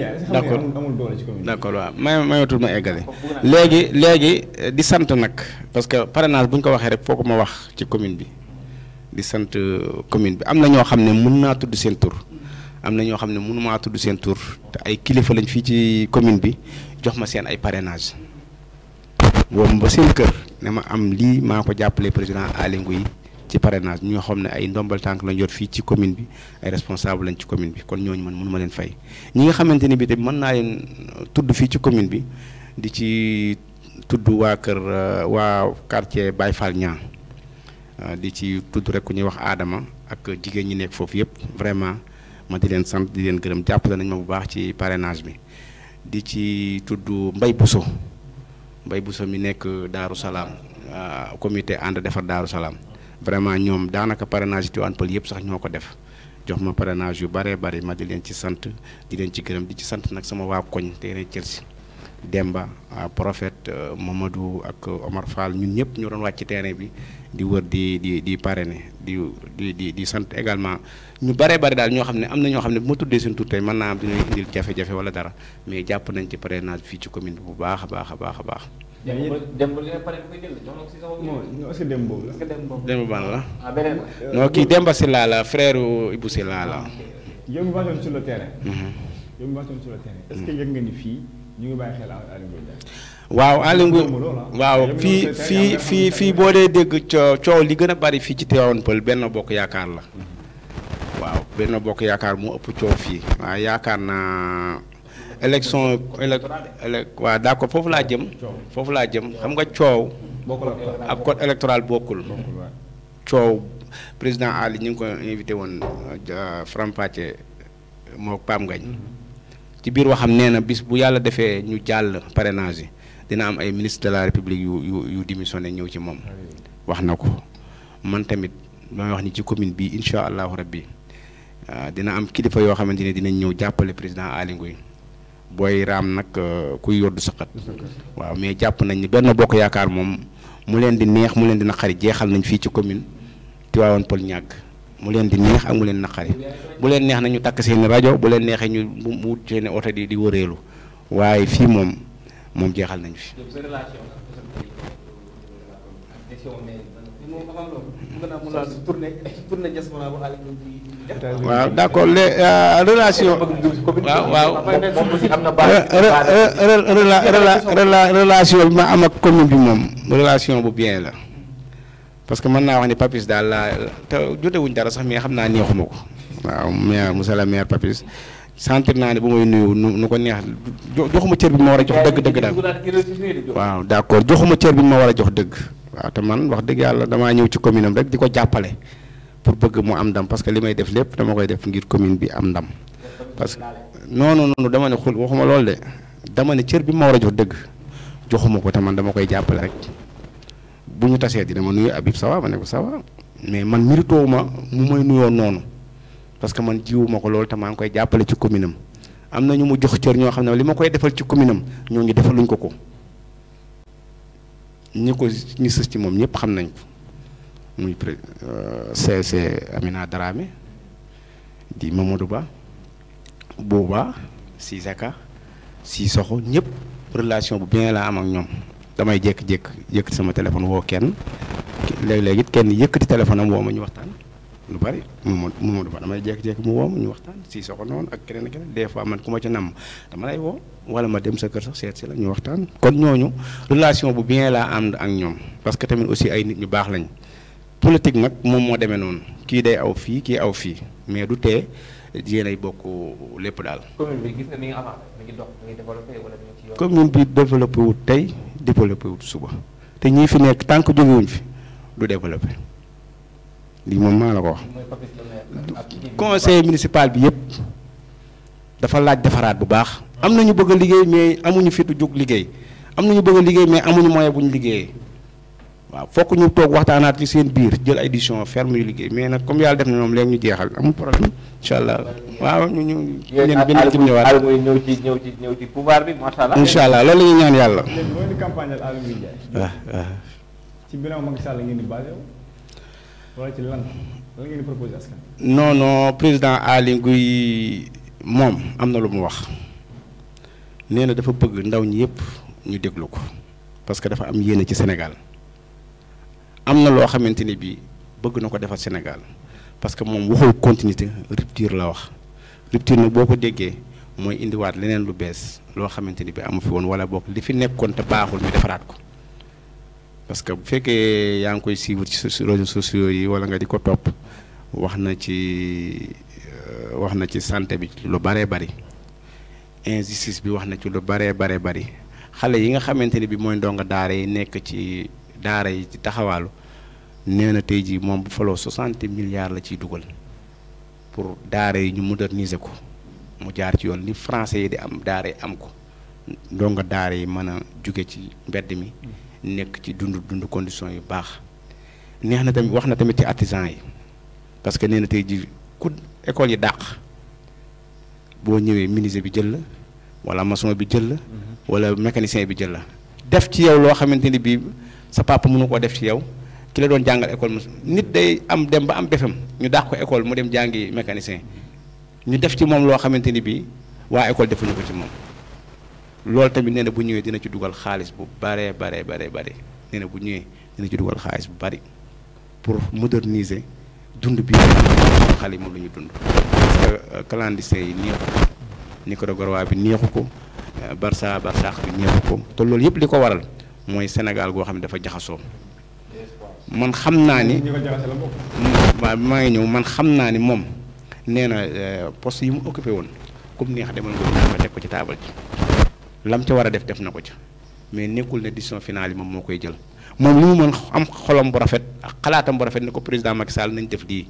S3: d'accord
S2: waaw may mayotul ma eggale léegi léegi di sant nag parce que parrainage bu ñu ko waxee rek foo ko ma wax ci commune bi di sant euh, commune bi am na ñoo xam ne mën naa tudd seen tur am na ñoo xam ne mënumaa tudd seen tur te ay kilifa lañ fii ci commune bi jox ma seen ay parrainage woom ba seen kër ne ma am lii maa ko jàppale président Aly yi ci parrainage ñi nga xam ne ay ndombal tànk lañ jot fii ci commune bi ay responsable lañ ci commune bi kon ñooñu man mënuma leen fay ñi nga xamante ni bi tamit mën naa euh, tudd fii ci commune bi di ci tudd waa kër euh, waa quartier Baye Fall Niang Euh, di ci tudd rek ku ñuy wax aadama ak jigéen ñi nekk foofu yëpp vraiment ma di leen sant di leen gërëm jàppale nañ ma bu baax ci parrainage bi di ci tudd Mbay Buso Mbay Buso mi nekk Daaru Salaam euh, comité ànd defar Daaru Salaam vraiment ñoom daanaka parrainage Tivaouane Peulh yëpp sax ñoo ko def jox ma parrainage yu baree bari ma di leen ci sant di leen ci gërëm di ci sant nag sama waa koñ te yeneen Chelsea Demba Prophète Mamadou ak Omar Fall ñun ñëpp ñu doon wàcc ci terrain bi di wër di di di parrainer di di di di sant également ñu bare bare daal ñoo xam ne am na ñoo xam ne bu ma tuddee seen tur tey mën naa am dinañ indil jafe-jafe wala dara mais jàpp nañ ci parrainage fii ci commune bi bu baax a baax a baax a baax.
S1: démb li nga pare koy jël jox na
S3: si la.
S2: démb la. ah kii Demba Sylla la frère Ibou Sylla la.
S3: ñu ngi bàyyi waaw Aly ah. waaw fii fii fii fii boo dee
S2: dégg coow li gën a bari fii ci Tivaouane Peulh benn bokk yaakaar la mhm. waaw benn bokk yaakaar moo ëpp coow fii waaw yaakaar naa élection élec waaw d'accord foofu laa jëm foofu laa jëm xam nga coow ak code électoral bokkul coow président Aly ñu ngi ko invité woon euh, Faram Facce moo Pam ngañ ci biir waxam nee na bis bu yàlla defee ñu jàll parrainage yi dina am ay ministre de la république yu yu yu démissionné ñëw ci moom. wax na ko man tamit ma wax ni ci commune bi incha allahu rabbi ah, dina am kilifa yoo xamante ne dinañ ñëw jàppale président Aly Ngouille booy raam nag euh, kuy yoddu saqat waaw mais jàpp nañ ni benn bokk yaakaar moom mu leen di neex mu leen dina naqari jeexal nañ fii ci commune Tivaouane Peulh ñàgg mu leen di neex ak mu leen naqari bu leen neex na ñu takk seen rajo bu leen neexee ñu mu wut seen oto di di wëreelu waaye fii moom moom jeexal nañu fi. waaw d' accord les euh, relation waaw waaw relation bi ma am ak commune bi moom relation bu bien la. parce que mën naa wax ni papis daal laa te jotewuñ dara sax mais xam naa neexuma ko waaw maire monsieur le maire papis sentir naa ne bu may nuyu nu ko neex joxuma cër bi ma war a jox dëgg dëgg daal waaw d' accord joxuma cër bi ma war a jox dëgg waaw te man wax dëgg yàlla damaa ñëw ci commune am rek di ko jàppale pour bëgg mu am ndam parce que li may def lépp dama koy def ngir commune bi am ndam parce que non non dama ne xul waxuma loolu de dama ne cër bi ma war a jox dëgg joxuma ko te man dama koy jàppale rek bu ñu tasee dina ma nuyu Habib ça va ma ne ko ça mais man méritoowu ma mu may nuyoo noonu parce que man jiwuma ko loolu te maa ngi koy jàppale ci commune am na ñu mu jox cër ñoo xam ne li ma koy defal ci commune ñoo ñu defaluñ ko ko ñi ko ñi sës ci moom ñëpp xam nañ ko muy pré CC euh, Amina Dramé di Mamadou Ba Booba Sisaka Sissoko ñëpp relation bu bien laa am ak ñoom. damay jékki-jékki yëkkati sama téléphone woo kenn léeg-léeg it kenn yëkkati téléphone am woo ma ñu waxtaan lu bari moom moom du fa damay jékki-jékki mu woo ma ñu waxtaan si soo ko noonu ak keneen ak keneen des fois man ku ma ca nam dama lay woo wala ma dem sa kër sax seet si la ñu waxtaan. kon ñooñu relation bu bien laa ànd ak ñoom parce que tamit aussi ay nit ñu baax lañ politique nag moom moo demee noonu kii day aw fii kii aw fii mais du tee yéen ay bokk lépp daal. commune développé wut suba te ñii fi nekk tant que jógewuñ fi du développé lii moom maa la ko wax. conseil municipal bi yëpp dafa laaj defaraat bu baax. am na ñu bëgg a liggéey mais amuñu fitu jug liggéey am na ñu bëgg a liggéey mais amuñu moyen bu ñu liggéeyee. waaw fokk ñu toog waxtaanaat ci seen biir jël ay décision ferme yu liggéey mais na comme yàlla def na ñoom léegi ñu jeexal amul problème waaw ñu ñu. leen benn
S1: at ñëwaat ñëw ci ñëw ci ñëw ci pouvoir bi macha allah. incha
S3: allah loolu la ñuy ah, ah. ci bilan Macky Sall ngeen di basé
S2: non non président Aly Ngouille moom am na lu mu wax nee na dafa bëgg ndaw ñi yëpp ñu déglu ko parce que dafa am yéene ci Sénégal. am na loo xamante ni bii bëgg na ko defal Sénégal parce que moom waxul continuité rupture la wax rupture nag boo ko déggee mooy indiwaat leneen lu bees loo xamante ni bi amu fi woon wala boog li fi nekkoon te baaxul ñu defaraat ko parce que bu fekkee yaa ngi koy suivre ci réseaux sociaux yi wala nga di ko topp wax na ci euh, wax na ci santé bi lu baree bari injustice bi wax na ci lu baree baree bari xale yi nga xamante ni bi mooy ndongo daara yi nekk ci daara yi ci taxawaalu nee na tey jii moom bu faloo 60 milliards la ciy dugal pour daara yi ñu moderniser ko mu jaar ci yoon li français yi di am daara yi am ko ndongo daara yi mën a jóge ci mbedd mi nekk ci dund dund condition yu baax neex na tamit wax na tamit ci artisan yi parce que nee na tey jii ku école yi dàq boo ñëwee menuisier bi jël la wala mason bi jël la mhm. wala mécanicien bi jël la def ci yow loo xamante ni bii sa papa mënu koo def ci yow ki la doon jàngal école mu nit day am dem ba am defam ñu daax ko école mu dem jàngi mécanicien ñu def ci moom loo xamante ni bii waa école defuñu ko ci moom loolu tamit nee na bu ñëwee dina ci dugal xaalis bu baree baree baree bare nee bu ñëwee dina ci dugal xaalis bu bari pour moderniser dund bi xale yi moom la dund parce que euh, clandestin yi neexu ko Nicaragua bi neexu ko euh, Barça Barsax bi neexu ko te loolu yëpp li ko waral mooy Sénégal goo xam ne dafa jaxasoo
S3: man xam naa ni
S2: waaw maa ngi ñëw man xam naa ni moom nee na euh, poste yi mu occupé woon comme neex demal nga ko ko ci taabal ji lam ca war a def def na ko ca mais nekkul ne décision finale moom moo koy jël moom li am xolam bu rafet ak xalaatam bu rafet ni ko président Macky Sall nañ def lii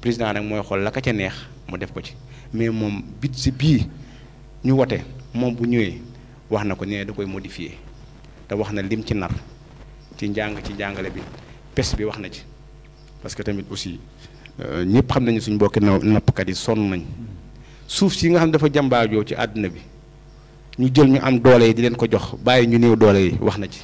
S2: président nag mooy xool la ka ca neex mu def ko ci mais moom bit si bii ñu wote moom bu ñëwee wax na ko nee da koy modifier wax na lim ci nar ci njàng ci njàngale bi pes bi wax na ci parce que tamit aussi euh, ñëpp xam nañu suñu mbokki nappkat yi sonn nañ suuf si nga xam ne dafa jàmbaajoo ci àdduna bi ñu jël ñu am doole yi di leen ko jox bàyyi ñu néew doole yi wax na ci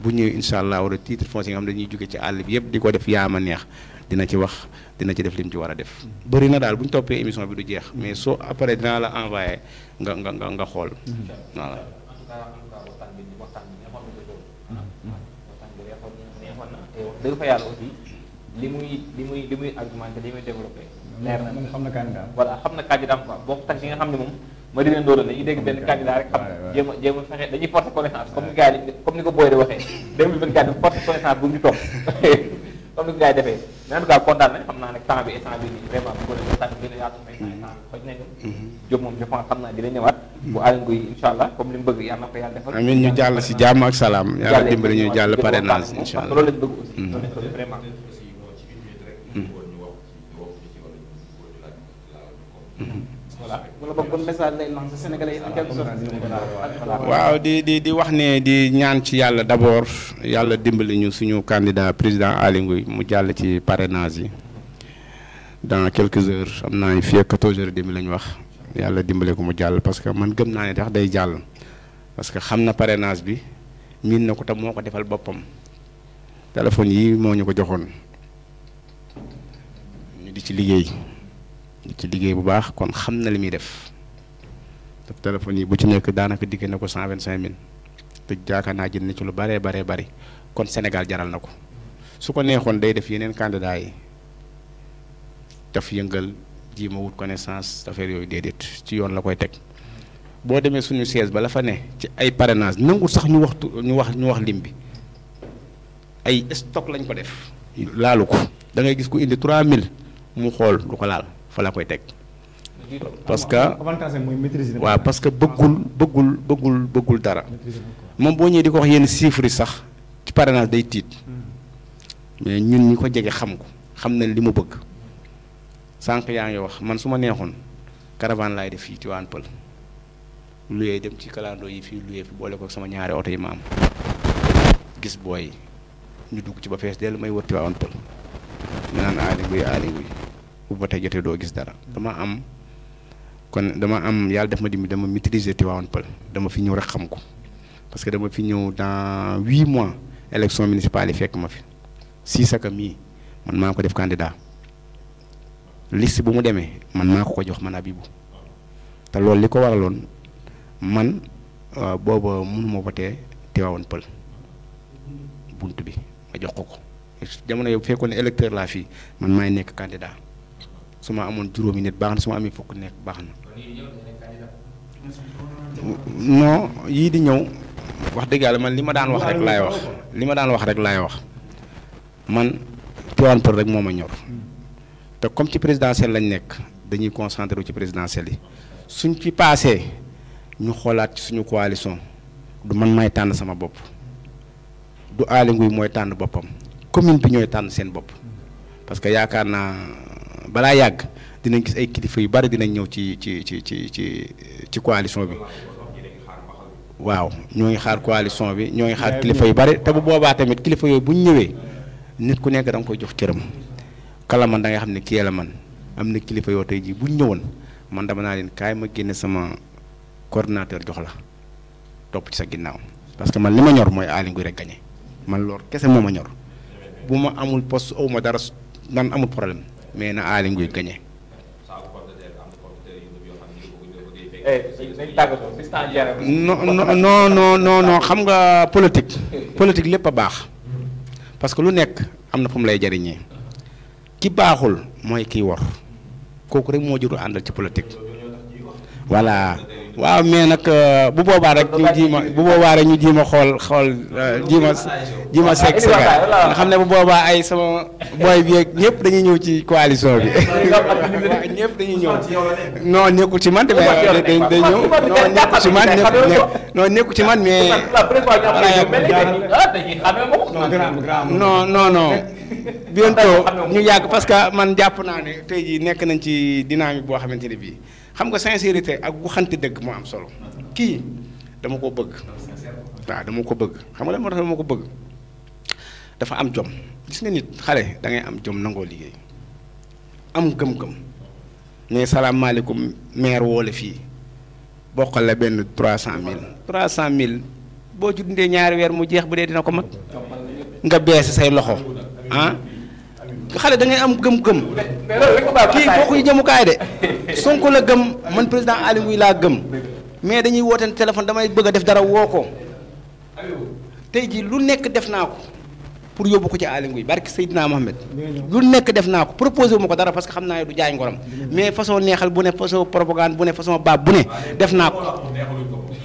S2: bu ñuy incha allah wala titre foncier nga xam ne ñuy jóge ci àll bi yëpp di ko def yaama neex dina ci wax dina ci def lim ci war a def. bëri na daal bu ñu toppee émission bi du jeex mais soo après dinaa la envoyé nga nga xool. Mm-hmm.
S1: dëgg fa yàlla aussi li muy li muy li muy argumenté li muy développé. leer na moom xam na candidat voilà xam na candidat am quoi bokk tax yi nga xam ne moom ma di leen doole dañuy dégg benn candidat rek xam jéem a a fexe dañuy forcer connaissance comme ni gars yi comme ni ko Boye di waxee 2024 forcer connaissance bu ñu topp comme ni ko gars yi defee na en tout bi instant bi bu bi gën a yaatu mais comme li bëgg yàlla na ñu jàll si jàmm ak salaam yàlla dimbali ñu jàll parrainage incha
S3: waaw
S2: di di wax ne di ñaan ci yàlla d'abord yàlla dimbali ñu suñu candidat président Aly Ngouille mu jàll ci parrainage yi dans quelques heures am naa fii ak heures demi la ñu wax yàlla dimbali ko mu jàll parce que man gëm naa ne tax day jàll parce que xam na parrainage bi miin na ko te moo ko defal boppam téléphone yi moo ñu ko joxoon ñu di ci liggéey. ci liggéey bu baax kon xam na li muy def te téléphone yi bu ci nekk daanaka digg na ko cent vingt cinq mille te jaakaar naa jënd na ci lu baree baree bari kon Sénégal jaral na ko su ko neexoon day def yeneen candidat yi daf yëngal ji ma wut connaissance affaire yooyu déedéet ci yoon la koy teg boo demee suñu siège ba la fa ne ci ay parrainage nangu sax ñu waxtu ñu wax ñu wax lim bi ay stock lañ ko def laalu ko da ngay gis ku indi 3000 mu xool du ko laal fa laa koy teg.
S3: parce que waaw parce
S2: que bëggul bëggul bëggul bëggul dara. moom boo ñëwee di ko wax yenn chiffres sax ci parrainage day tiit. mais ñun ñi ko jege xam ko xam nañ li mu bëgg. sànq yaa ngi wax man su ma neexoon caravane laay def fii ci waan pël luyee dem ci kalandoo yi fii luyee fi boole ko sama ñaari oto yi ma am gis booy ñu dugg ci ba fees dellu may wër ci waan pël ñu naan aali guy bu ba tey jotee doo gis dara dama am kon dama am yàlla def ma dimbali dama maîtriser Tivaouane Peulh dama fi ñëw rek xam ko parce que dama fi ñëw dans huit mois élection municipale yi fekk ma fi si mii man maa ko def candidat liste bu mu demee man maa ko ko jox man Abibou te loolu li ko waraloon man euh, booba mënuma wotee Tivaouane pël bunt bi ma jox ko ko jamono yow fekkoon ne électeur laa fii man maay nekk candidat su ma amoon juróomi nit baax na su ma amee fukk nekk baax non yi di ñew wax dëgg yàlla man lima daan wax rek lay wax lima daan wax rek lay wax man Tivaouane Peulh rek moma ñor te comme ci présidentiel lañ nek dañuy concentré ci présidentiel yi suñ ci passé ñu xolaat ci suñu coalition du man may tànn sama bop du Aly nguy moy tànn bopam commune bi ñoy tànn sen bop parce que yaakaar naa balaa yàgg dinañ gis ay kilifa yu bari dinañ ñëw ci ci ci ci ci ci coalition bi waaw ñoo ngi xaar coalition bi ñoo ngi xaar kilifa yu bari te bu boobaa tamit kilifa yooyu bu ñu ñëwee nit ku nekk danga koy jox cëram kalaman man xam ne kii man am na kilifa yoo tey jii bu ñu ñëwoon man dama naa leen kaay ma génne sama coordinateur jox la topp ci sa ginnaaw parce que man li ma ñor mooy Aly Ngouille Gagné man loolu kese moom ma ñor bu ma amul post awma dara man amul problème. mais na Aly Ngouille gagné.
S1: non non
S2: non xam nga politique. politique lépp a baax. parce que lu nekk am na fu lay jariñee. ki baaxul mooy kiy wor kooku rek moo juru àndal ci politique. voilà. waaw mais nag euh, bu boobaa rek ñu jiima bu boobaa rek ñu jiima xool xool euh, jiima jiima sekk sekk nga xam ne bu boobaa ay sama booy bi yeeg ñëpp dañuy ñëw ci coalition bi
S3: ñëpp dañuy ñëw
S2: non nekkul ci man mais dañ dañ nekkul ci man non nekkul ci man mais
S3: ah, non non non
S2: parce que man jàpp naa ne tey jii nekk nañ ci dynamique boo xamante ne bii xam nga sincérité ak gu xanti deug mo am solo ki dama ko bëgg da dama ko bëgg xam nga lan moo tax dama ko bëgg dafa am jom gis nga nit xalé da ngay am jom nango liggéey am gëm-gëm ne salaamaaleykum maire woo la fii bokkal la ben 300000 300000 bo ci dundé ñaar weer mu jeex bu dé dina ko mat nga bëss say loxo han ah? xale da am gëm-gëm. kii kooku jëmukaay de. Sonko la gëm man président Aly Ngouille laa gëm. mais dañuy wooteen téléphone damay bëgg a def dara woo ko. tey jii lu nekk def naa ko. pour yóbbu ko ci Aly Ngouille barki Seydina Mohamed. lu nekk def naa ko proposé wu ko dara parce que xam naa ne du jaay ngoram. mais façon neexal bu ne façon propagande bu ne façon baab bu ne. def naa ko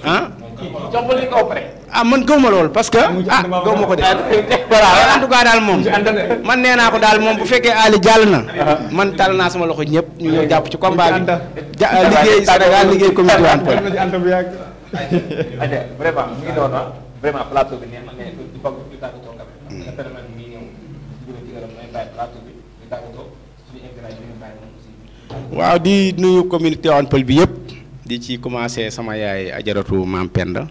S2: ah. toppali ko ah man gaw lool parce que. ah gaw ko de. voilà daal moom. man nee naa ko daal moom bu fekkee Ali jàll na. Uh-huh. man tal naa sama loxo ñëpp ñu ñëw jàpp ci combat bi.
S3: Euh, ngi doon ah. vraiment plateau
S1: bi neex na mais il faut bi
S2: waaw di nuyu communauté waan pël bi yëpp. di ci commencé sama yaay ajaratu maam Penda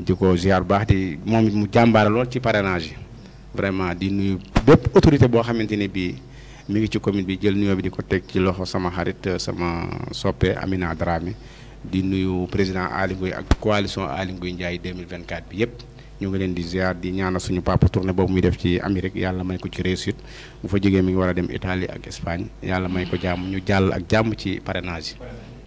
S2: di ko ziar baax di moom mu jàmbaare lool ci parrainage yi vraiment di nuyu bépp autorité boo xamante ne bii mu ngi ci commune bi jël nuyoo bi di ko teg ci loxo sama xarit euh, sama soppe Amina Dramé di nuyu président Aly Ngouille ak coalition Aly Ngouille Ndiaye 2024 bi yëpp ñu ngi leen di ziar di ñaanal suñu papa tournée boobu muy def ci Amérique yàlla may ko ci réussite bu fa jógee mi ngi war a dem Italie ak Espagne yàlla may ko jàmm ñu jàll ak jàmm ci parenage yi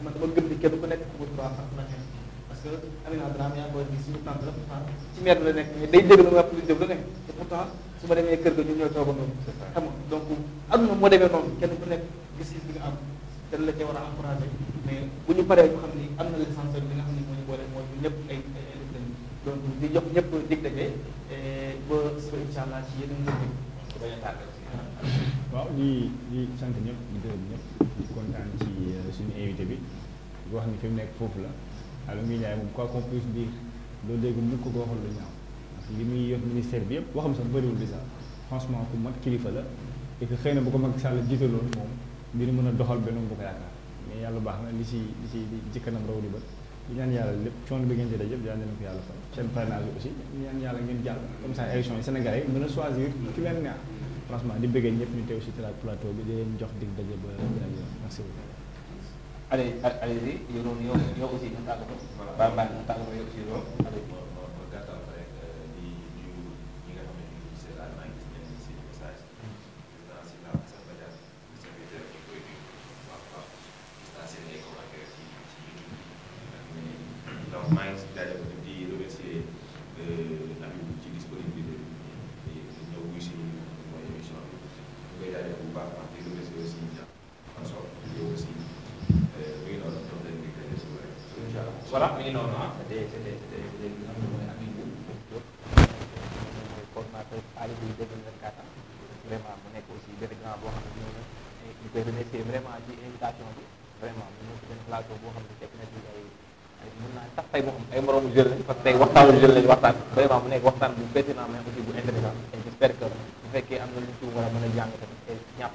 S1: man dama gëm ni kenn ku nekk ku wut baax parce que Amina Dramé yaa ngi koy gis suñu tante la pourtant ci maire bi la nekk mais day dégg lu ma wax lu jëm la nekk te xam nga donc aduna moo demee noonu kenn ku nekk gis-gis bi am dañ la cee war a encouragé mais bu ñu paree ñu xam ni am na l'essentiel bi xam ne moo ñu boole mooy ñu ñëpp
S3: ay ay donc di jox ñëpp dig daje ba suba incha allah ci yeneen mbir mi su bañ a tardé waaw di di sant ñëpp di gërëm ñëpp di kontaan ci euh, suñu invité bi di wax ni fi mu nekk foofu la Aliou Ngouille Ndiaye moom quoi qu'on puisse dire loo dégg mukk ko waxal lu ñaaw parce que li muy yor ministère bi yëpp waxam sax ku mag kilifa la et xëy na bu ko Macky Sall jiitaloon moom dina mën a doxal benn bu ko yaakaar yàlla baax na li si li si ci kanam raw di ba di ñaan yàlla lépp coono bi bi aussi ñaan yàlla ngeen jàll comme ça élection yi Sénégalais yi mën a choisir ki neex franchement di bëggee ñëpp ñu teew si Tirac plateau bi di jox dig daje ba beneen yoon merci beaucoup.
S1: allez allez-y yow yow tey waxtaanu jeunes lañu waxtaan vraiment mu nekk waxtaan bu pertinent mais aussi bu intéressant et j'espère bu fekkee am na lu ci war a mën a jàng tamit te ñàkk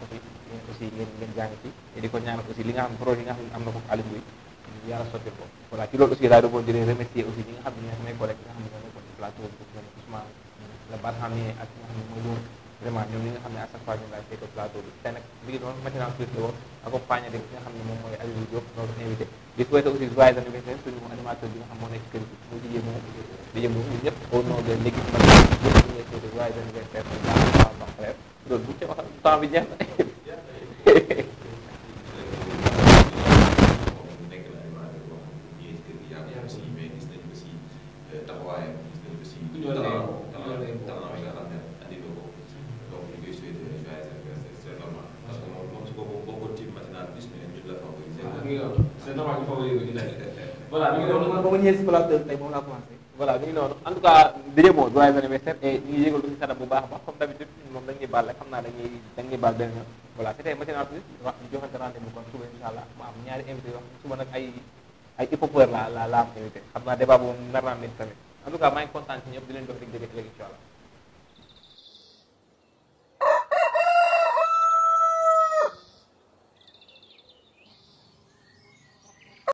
S1: ko ñaanal aussi li nga xam ne am na ko Aliou Mbuy yàlla sotti ko voilà ci loolu aussi nga xam ne ñoo may collègue nga xam ne ñoom Ousmane la Barhamie ak ñi nga xam ne de nga xam ne moom mooy Aliou Diop loolu invité di souhaité aussi joyeux anniversaire suñu animateur bi nga xam moo nekk kër gi mu di yëngu di yëngu ñun ñëpp au nom de l'équipe ñëpp ñu ngi lay souhaité joyeux anniversaire bu baax a baax frère loolu bu ci wax temps bi jeex na donc ba ma ñëwee si place de tey moom laa commencé. voilà mi ngi noonu en tout cas dëgg moom doy na anniversaire et ñu ngi yëgal lu ñu kanam bu baax a baax comme d'habitude moom dañu ñuy baal rek xam naa dañuy dañuy baal benn yoon voilà te tey matinal plus wax ñu joxante rendez-vous kon suba incha allah ma am ñaari invité yoo xam ne suba nag ay ay hip-hopeurs la la la am invité xam naa débat boobu nar naa am tamit en tout cas maa ngi kontaan ci ñëpp di leen jox dig dëgg léegi incha allah